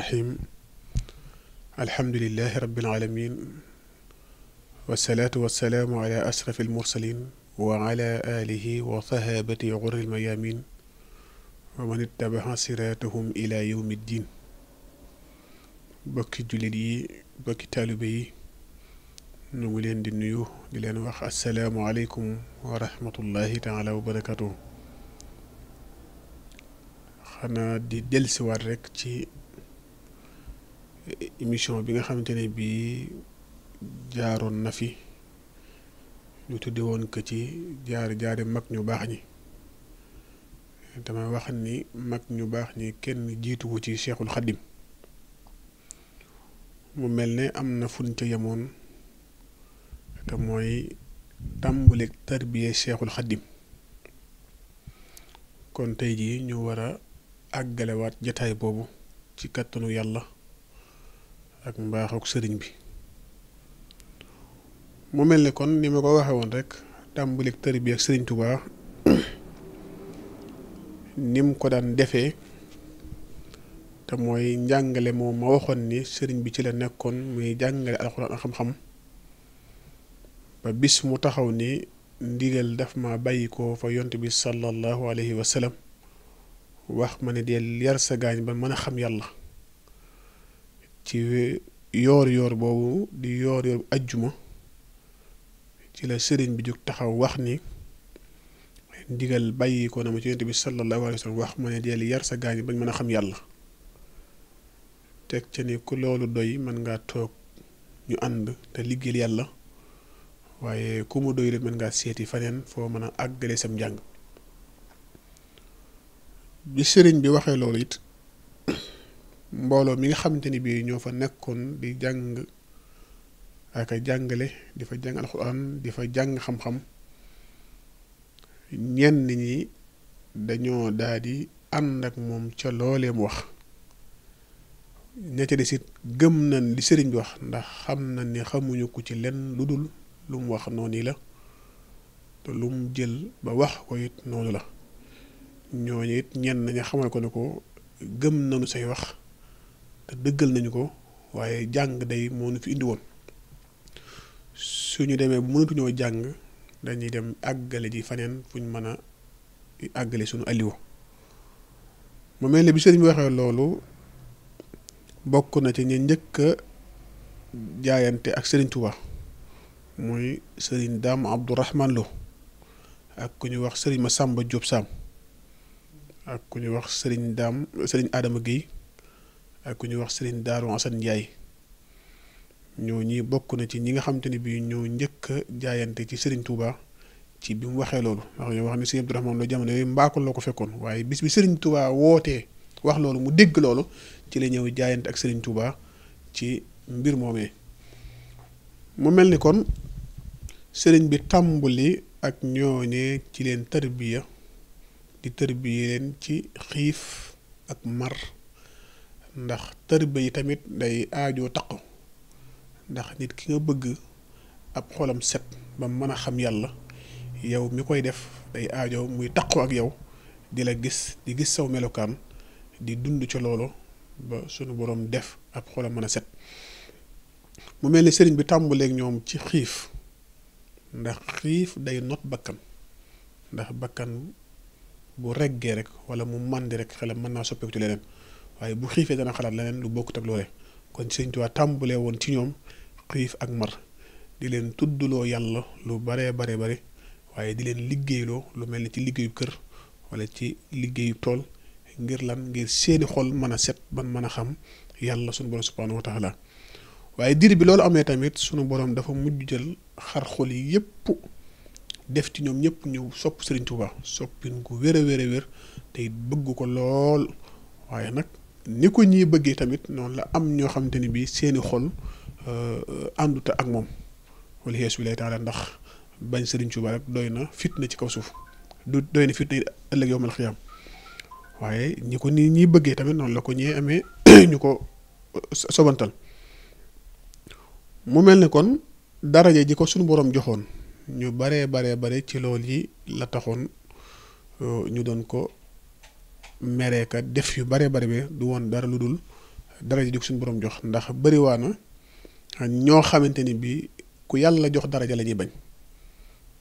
raxiim alhamdulilahi rabbil aalamiin wasalaatu ala asrafi almursaliin wa ala aalihi wa sahaabati xurril mayaamiin wa ila yowmi ddiin bokki jullit yi bokki taalibe yi ñu ngi leen di nuyu di leen wax taala wa émission bi nga xamante ne bii jaaroon na fi ñu tudde woon ko ci jaar jaari mag ñu baax ñi damay wax ni mag ñu baax ñi kenn jiituwu ci Cheikhul Khadim mu mel ne am na fuñ ca yemoon te mooy tàmbaleeg tarbiye Cheikhul Khadim kon tey ji ñu war a àggalewaat jataay boobu ci kattanu yàlla ak mbaaxuk sëriñ bi mu mel ni kon ni ma ko waxe woon rek tàmbalik tër bi ak sëriñ Touba nim ko daan defee te mooy njàngale moom ma waxoon ni sëriñ bi ci la nekkoon muy jàngale alxuraan ak xam-xam ba bis mu taxaw ni ndigal daf ma bàyyi ko fa yont bi sallallahu alayhi wa wax ma ne deel yar sa gaañ ba mën a xam yàlla ci yoor yoor boobu di yoor yoor ajjuma ci la sëriñ bi jóg taxaw wax ni ndigal bàyyi ko na ma ci yonent bi sallallahu alayhi wa sallam wax ma ne deel yar sa gaañ bañ mën a xam yàlla teg ca ni ku loolu doy mën ngaa toog ñu ànd te liggéeyal yàlla waaye ku mu doy mën ngaa seeti faneen foo mën a àggale sam njàng bi sëriñ bi waxee loolu it mbooloo mi nga xamante ni bii ñoo fa nekkoon di jàng ak a jàngale di fa jàng alxuraan di jàng xam-xam ñenn ñi dañoo daal di ànd ak moom ca looleem wax ña ca des gëm na li sëriñ bi wax ndax xam na ni xamuñu ko ci lenn lu dul lu mu wax noonu la te lu mu jël ba wax ko it noonu la ñooñu it ñenn ña xamal ko ne ko gëm nanu say wax te dëggal nañu ko waaye jàng day moo nu fi indi woon ñu demee bu mënatuñoo jàng dañuy dem àggale ji faneen fuñ mën a àggale suñu aliwo mu mel bi sëriñ bi waxee loolu bokk na ci ñi njëkk jaayante ak sëriñ Touba muy sëriñ Dame Abdourahman Lo ak ku ñu wax sëriñ ma sàmba Diop Sam ak ku ñu wax sëriñ Dame sëriñ Adama Guèye ak ku ñuy wax sëriñ Darou Assane Ndiaye ñoo ñi bokk na ci ñi nga xamante ne bii ñoo njëkk a jaayante ci Serigne Touba ci bi mu waxee loolu wax ñoo wax ni Serigne Abdourahmane la jamono yooyu mbaakul la ko fekkoon waaye bis bi Serigne Touba wootee wax loolu mu dégg loolu ci la ñëw jaayante ak Serigne Touba ci mbir moomee mu mel ni kon sëriñ bi tàmbuli ak ñooñee ci leen tarbiya di tarbiya leen ci xiif ak mar ndax tërbe yi tamit day aajoo ko ndax nit ki nga bëgg ab xolam set ba mën a xam yàlla yow mi koy def day aajoo muy ko ak yow di la gis di gis saw melokaan di dund ci loolo ba sunu boroom def ab xolam mën a set mu mel ni sëriñ bi tàmbuleek ñoom ci xiif ndax xiif day not bakkan ndax bakkan bu reggee rek wala mu màndi rek xelam mën naa soppeeku ci leneen waaye bu xiifee dana xalaat leneen lu bokkut ak loolee kon Sëriñ Tuubaa tàmbulee woon ci ñoom xiif ak mar di leen tuddloo yàlla lu baree bare bare waaye di leen liggéeyloo lu mel ni ci liggéeyu kër wala ci liggéeyu tool ngir lan ngir seeni xol mën a set ban mën a xam yàlla sunu borom subhaanahu wa taala waaye diir bi loolu amee tamit sunu boroom dafa mujj jël xar xol yi yépp def ci ñoom ñëpp ñëw sopp Sëriñ Tuubaa soppin ku wér a wér a wér te it bëgg ko lool waaye nag ni ko ñii bëggee tamit noonu la am ñoo xamante ni bii seeni xol euh, ànduta ak moom wala yees bi lay taala ndax bañ Sëriñ Tuuba rek doy na fit na ci kaw suuf du doy na fitna ëllëg yow mal xiyaam waaye ñi ko nii ñii bëggee tamit noonu la ko ñee amee ñu ko sobantal mu mel ne kon dara daraja ji ko suñu boroom joxoon ñu baree baree bare ci lool yi la taxoon euh, ñu doon ko mereeka def yu bare bare bi du woon dara lu dul daraja ji ko suñu borom jox ndax bëriwaa na ñoo xamante ni bii ku yàlla jox daraja lañuy bañ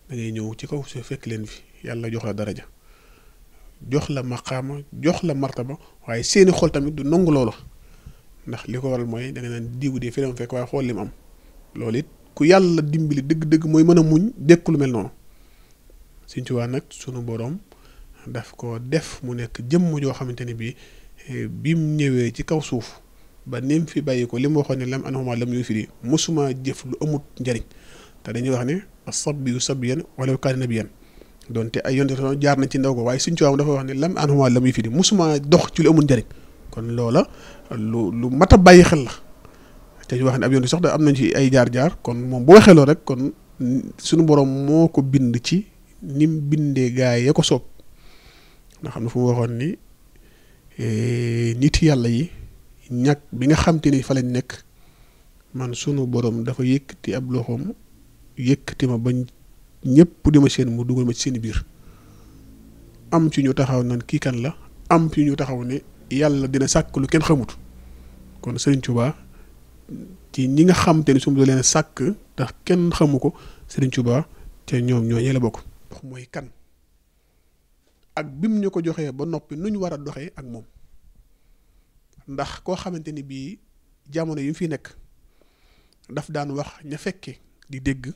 da ñëw ci kaw su fekk leen fi yàlla jox la daraja jox la maqaama jox la ba waaye seeni xool tamit du nangu loola ndax li ko waral mooy da nga naan diw de fi fekk waaye xool li mu am loolu it ku yàlla dimbali dëgg-dëgg mooy mën a muñ dékk lu mel noonu suñ nag sunu boroom daf ko def mu nekk jëmm joo xamante ni bii eh, bim ñëwee ci kaw suuf ba ni mu fi bàyyi ko li mu waxoon ne lam anhuma lam yu firi mosuma jëf lu amut njariñ dañuy wax ne as-sabiyyu sabiyyan walaw kaana nabiyyan donte ay yonte jaar nañ ci ndaw ko waaye suñu coowam dafa wax ne lam anhuma lam yu firi mosuma dox ci lu amut njariñ kon loola lu lu mat a bàyyi xel la te ñu wax ne ab yonte sax da am nañ ci ay jaar-jaar kon moom boo waxee rek kon sunu boroom moo ko bind ci nim bindee gaay yee ko soob ndax am na fu waxoon ni e, nit yàlla yi ñàkk bi nga xam ni fa lañ nekk man sunu borom dafa yëkkati ab loxoom yëkkati ma bañ ñëpp di ma seen mu dugal ma ci seen biir am ci ñu taxaw nan kii kan la am ci ñu taxaw ne yàlla dina sàkk lu kenn xamut kon Serigne Touba ci ñi nga xam te ni su leen sàkk ndax kenn xamu ko Serigne Touba te ñoom ñoo ñee la bokk. ndox mooy kan. ak bim ñu ko joxee ba noppi nu ñu war a doxee ak moom ndax koo xamante ni bii jamono yu fi nekk daf daan wax ña fekke di dégg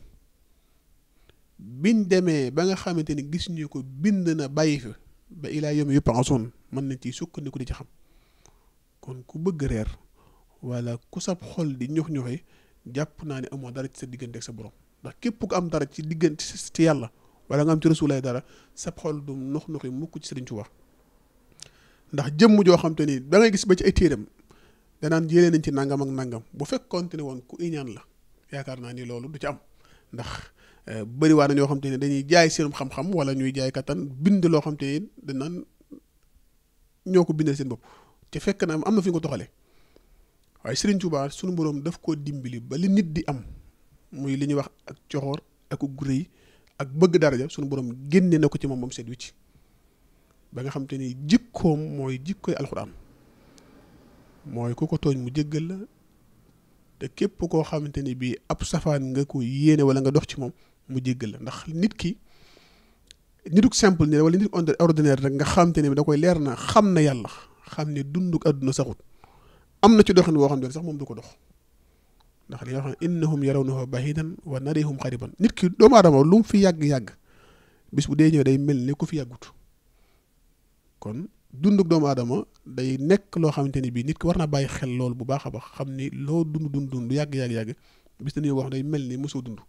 biñ demee ba nga xamante ni gis ñu ko bind na bàyyi fi ba ilaa yom yu pensoon mën nañ ci sukkandiku di ci xam kon ku bëgg reer wala ku sab xol di ñox ñoxe jàpp naa ni amoo dara ci sa diggante ak sa borom ndax képp ku am dara ci diggante ci yàlla wala nga am ci rasulaay dara sab xol du nox noxi mukk ci Sëriñ Tuubaa ndax jëmm joo xam te ni da gis ba ci ay téeram danaan jëlee nañ ci nangam ak nangam bu fekkoon te woon ku iñaan la yaakaar naa ni loolu du ci am ndax eh, bëri waa na ñoo xam te ne dañuy jaay seen xam-xam wala ñuy jaay kattan bind loo xam te ni danaan ñoo ko bindal seen bopp ci fekk na am na fi nga ko toxalee waaye Sëriñ Tuubaa sunu boroom daf koo dimbali ba li nit di am muy li ñuy wax ak coxoor ak gu ak bëgg daraja suñu boroom génne na ko ci moom moom seet wicc ba nga xam te ni jikkoom mooy jikkoy alxuraan mooy ku ko tooñ mu jéggal la te képp koo xamante ni bii ab safaan nga ko yéene wala nga dox ci moom mu jéggal la ndax nit ki nituk simple ni wala nituk ordinaire rek nga xamante ne bi da koy leer na xam na yàlla xam ne dunduk àdduna saxut am na ci doxin woo xam ne sax moom du ko dox ndax li nga xam ne innahum yarawnahu ba'idan wa narihum qariban nit ki doomu aadama lu mu fi yàgg-yàgg bis bu dee ñëw day mel ni ku fi yàggut kon dunduk doomu aadama day nekk loo xamante ni bii nit ki war na bàyyi xel loolu bu baax a baax xam ni loo dund dund dund yàgg-yàgg-yàgg bis dañuy wax day mel ni mosoo dund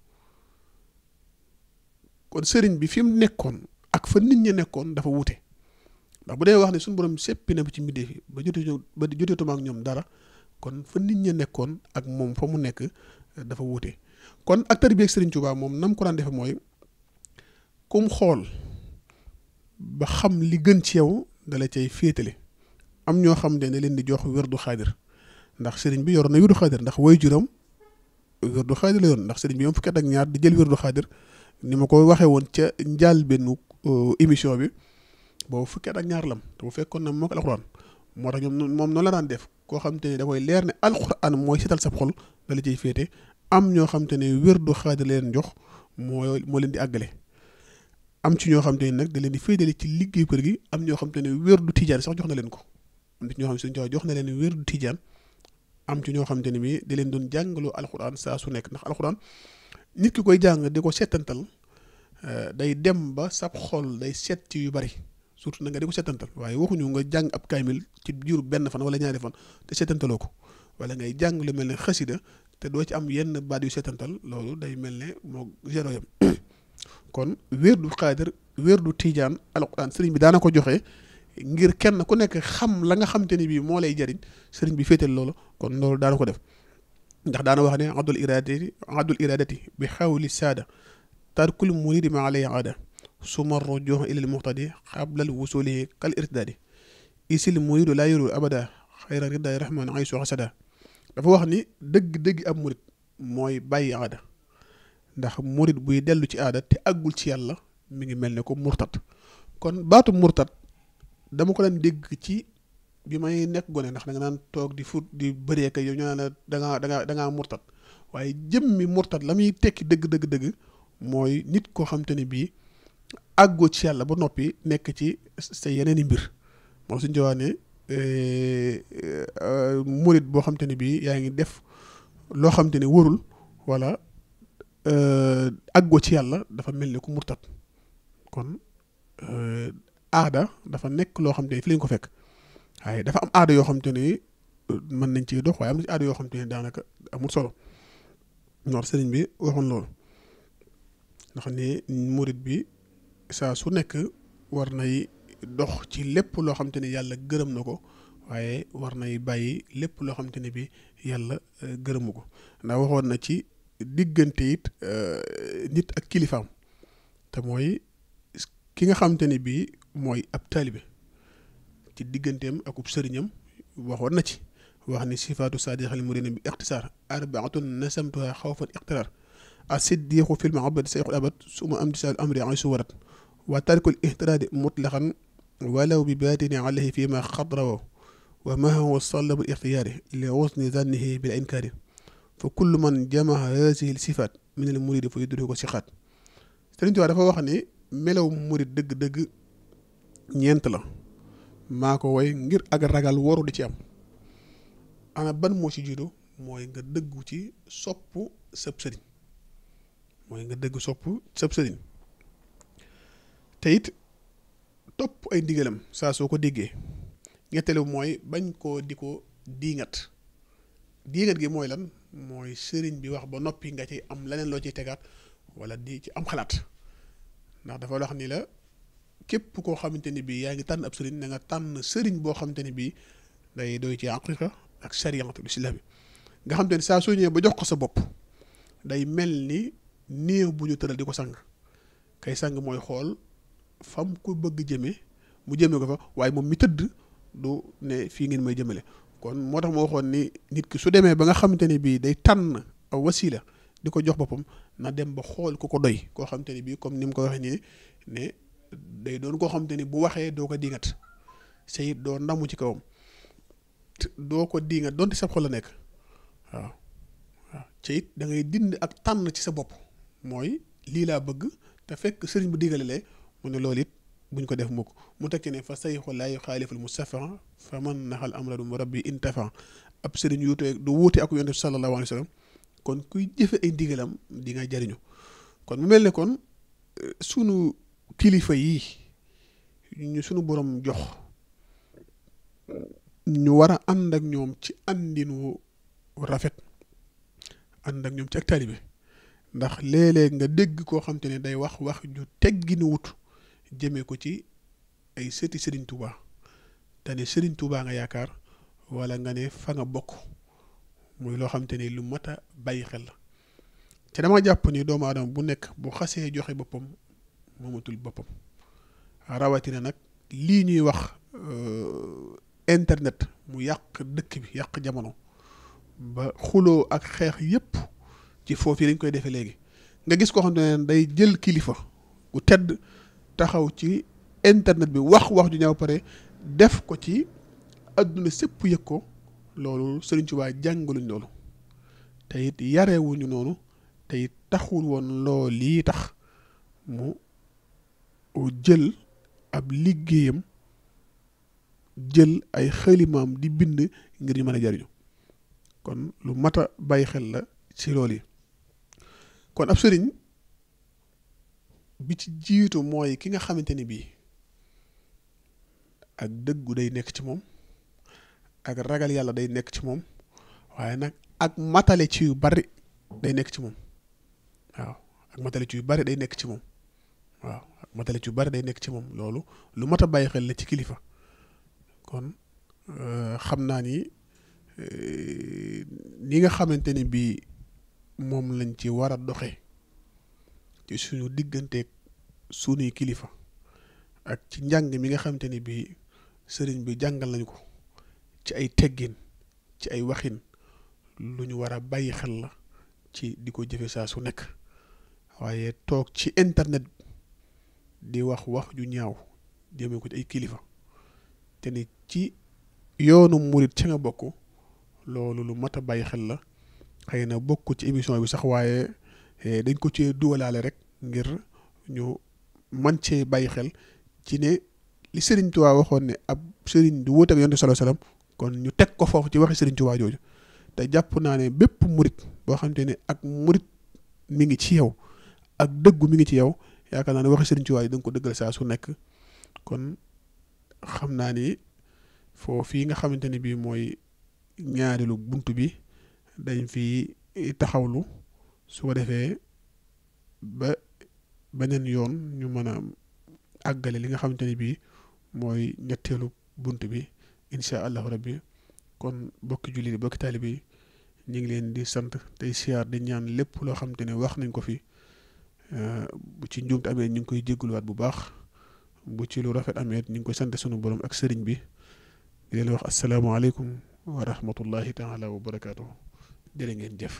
kon sëriñ bi fi mu nekkoon ak fa nit ñi nekkoon dafa wuute ndax bu dee wax ne suñu borom seppi na bi ci mbindee fi ba jote ba joteetuma ak ñoom dara kon fa nit ña nekkoon ak moom fa mu nekk eh, dafa wuute kon acteur bi ak Serigne Touba moom nam ko daan defe mooy kum xool ba xam li gën ci yow dala cay féetale am ñoo xam ne leen di jox wérdu xaadir ndax sëriñ bi yor na wérdu xaadir ndax woy juram wérdu xaadir la yoon ndax Serigne bi moom fukki ak ñaar di jël wérdu xaadir ni ma koy waxee woon ca njëlbéenu émission bi boobu fukki at ak ñaar lam te bu fekkoon na moo ko alxuraan moo tax ñoom moom noonu la daan def koo xam te ne da koy leer ne alxuraan mooy setal sab xol da la ciy féete am ñoo xam te ne wér du xaadi leen jox moo moo leen di àggale am ci ñoo xam te ne da leen di féetale ci liggéey kër gi am ñoo xam te ne wér du tijaan sax jox na leen ko ñoo xam te ne jox na leen wér du tijaan am ci ñoo xam ne bii da leen doon jàngaloo alxuraan saa su nekk ndax alxuraan nit ki koy jàng di ko seetantal eh, day dem ba sab xol day seet ci yu bari surtout na nga di ko setantal waaye waxuñu nga jàng ab kaamil ci jur benn fan wala ñaari fan te setantaloo ko wala ngay jàng lu mel ne xësida te doo ci am yenn baat yu setantal loolu day mel ne moo zéro yam kon wér du xaadir wér du tiijaan alquran sëriñ bi daana ko joxe ngir kenn ku nekk xam la nga xam te ni bii moo lay jariñ sëriñ bi féetal loolu kon loolu daana ko def ndax daana wax ne abdul iradati abdul iradati bi xawli saada tarkul ma alay suma rujuu ilal muqtadi xablal wusuli kal irtidaadi isil muridu laa yuru abada xayra ridaay rahman ay soo xasada dafa wax ni dëgg-dëgg ab murit mooy bàyyi aada ndax murit buy dellu ci aada te àggul ci yàlla mi ngi mel ni ko murtat kon baatu murtat dama ko daan dégg ci bi may nekk gone ndax danga nga naan toog di fut di bëree kay yow ñu naan da ngaa da ngaa waaye jëmmi murtat la muy tekki dëgg dëgg dëgg mooy nit koo xam te ne bii àggoo ci yàlla ba noppi nekk ci sa yeneen i mbir moom suñ jowaa ne eh, eh, murit boo xam te ne bii yaa ngi def loo xam te ne warul wala eh, àggoo ci yàlla dafa mel ni ku murtat kon aada dafa nekk loo xam ne fi lañ ko fekk waaye dafa am aada yoo xam te ne mën nañ ci dox waaye am na ci aada yoo xam te ne daanaka amul solo noor sëriñ bi waxoon loolu ndax ne murit bi saa su nekk war nay dox ci lépp loo xam ni yàlla gërëm na ko waaye war nay bàyyi lépp loo xam ni bi yàlla eh, gërëmu ko ndax waxoon na ci diggante it eh, nit ak kilifaam te mooy ki nga xam te ni bii mooy ab taalibe ci digganteem akub sëriñam waxoon na ci wax ni sifaatu saadixal muriina bi ixtisaar arbaatun nasamtuha xawfan ixtiraar asiddiqu fil mahabati sayxul abad su ma am di sal amri an su warat wa tarkul ihtiraadi mutlaqan walaw bi baatini alayhi fii ma xadrawo wa ma huwa sallabu ixtiyaari li husni zannihi bil inkaari fa kullu man jamaa haadihi l sifaat min al muridi fa yudriku sixaat Sëriñ Tuubaa dafa wax ni melaw murid dëgg-dëgg ñeent la maa ko way ngir ak ragal waru di ci am ana ban moo ci jiitu mooy nga dëggu ci sopp sëb sëriñ mooy nga dëgg sopp sab sëriñ te it topp ay ndigalam saa soo ko déggee ñetteelu mooy bañ koo di ko diingat diingat gi mooy lan mooy sëriñ bi wax ba noppi nga ci am leneen loo ciy tegaat wala di ci am xalaat ndax dafa loo ni la képp koo xamante ni bii yaa ngi tànn ab sëriñ na nga tànn sëriñ boo xamante ni bii day doy ci aqiqa ak si la bi nga xamante saa soo ñëwee ba jox ko sa bopp day mel ni néew bu ñu tëral di ko sang kay sang mooy xool fam ko bëgg jëme mu jëme ko fa waaye moom mi tëdd du ne fii ngeen may jëmale kon moo tax ma waxoon ni nit ki su demee ba nga xamante ne bii day tànn aw wasila di ko jox boppam na dem ba xool ku ko doy koo xamante ne bii comme ni mu ko waxee nii ne day doon koo xamante ni bu waxee doo ko diingat sayit doo ndamu ci kawam doo ko diingat donte sa xol la nekk waaw waaw sayit da ngay dind ak tànn ci sa bopp mooy lii laa bëgg te fekk sëriñ bu digale le mu ne loolu it buñ ko def mukk mu teg ci ne fa sayxu laa yuxaaliful musafa fa man naxal amra dum in intafa ab sëriñ yuute du wuute ak yonent bi sallallahu alayhi wa kon kuy jëfe ay ndigalam di nga jariñu kon mu mel ne kon euh, sunu kilifa yi ñu sunu borom jox ñu war a ànd ak ñoom ci àndin rafet ànd ak ñoom ci ak taalibe ndax léeg-léeg nga dégg koo xam ne day wax wax ju tegginu wut jëmee ko ci ay sëti Serigne Touba te ne Serigne Touba nga yaakaar walla nga ne fa nga bokk muy loo xam te lu mat a bàyyi xel la te dama jàpp ni doomu aadama bu nekk bu xasee joxe boppam moomatul boppam rawatina nag lii ñuy wax euh, internet mu yàq dëkk bi yàq jamono ba xuloo ak xeex yépp ci foofu yi dañ koy defee léegi nga gis ko xam ne day jël kilifa ku tedd taxaw ci internet bi wax wax ju ñaaw pare def ko ci adduna sépp yëg ko loolu Sëriñ Tuubaa jàngaluñ loolu te it yarewuñu noonu te it taxul woon lool lii tax mu jël ab liggéeyam jël ay xalimaam di bind ngir ñu mën a jariñu kon lu mat a bàyyi xel la ci lool yi kon ab sëriñ bi ci jiitu mooy ki nga xamante ni bii ak dëggu day nekk ci moom ak ragal yàlla day nekk ci moom waaye nag ak matale yu bari day nekk ci moom waaw ak matale ci yu bari day nekk ci moom waaw ak matale ci yu bari day nekk ci moom loolu lu mat a bàyyi xel la ci kilifa kon euh, xam naa ni euh, ni nga xamante ni bii. moom lañ ci war a doxe ci suñu digganteeg suñuy kilifa ak ci njàng mi nga xamante ni bii sëriñ bi jàngal nañ ko ci ay teggin ci ay waxin lu ñu war a bàyyi xel la ci di ko jëfe saa su nekk waaye toog ci internet di wax wax ju ñaaw jëmee ko ci ay kilifa te ni ci yoonu murit ci nga bokk loolu lu mat a bàyyi xel la xëy na bokk ci émission bi sax waaye eh, dañ ko ci duwalaale rek ngir ñu man cee bàyyi xel ci ne li Serigne Touba waxoon ne ab Serigne du wóoteeg yonent sallallahu alayhi kon ñu teg ko foofu ci waxi Serigne Touba jooju te jàpp naa ne bépp murit boo xam te ak murit mi ngi ci yow ak dëggu mi ngi ci yow yaakaar naa ne waxi Serigne Touba yi da ko dëggal saa su nekk kon xam naa ni foofu yi nga xamante ni bii mooy ñaareelu bunt bi. dañ fi taxawlu su ko defee ba beneen yoon ñu mën a àggale li nga xamante ne bii mooy ñetteelu bunt bi incha allahu rabbi kon bokki julli yi bokki taalibe ñu ngi leen di sant tey siyaar di ñaan lépp loo xamante ne wax nañ ko fi bu ci njuumte amee ñu ngi koy jégguluwaat bu baax bu ci lu rafet amee ñu ngi koy sant sunu borom ak sëriñ bi di leen wax asalaamaaleykum wa rahmatullahi taala wa barakaatuhu jërë ngeen jëf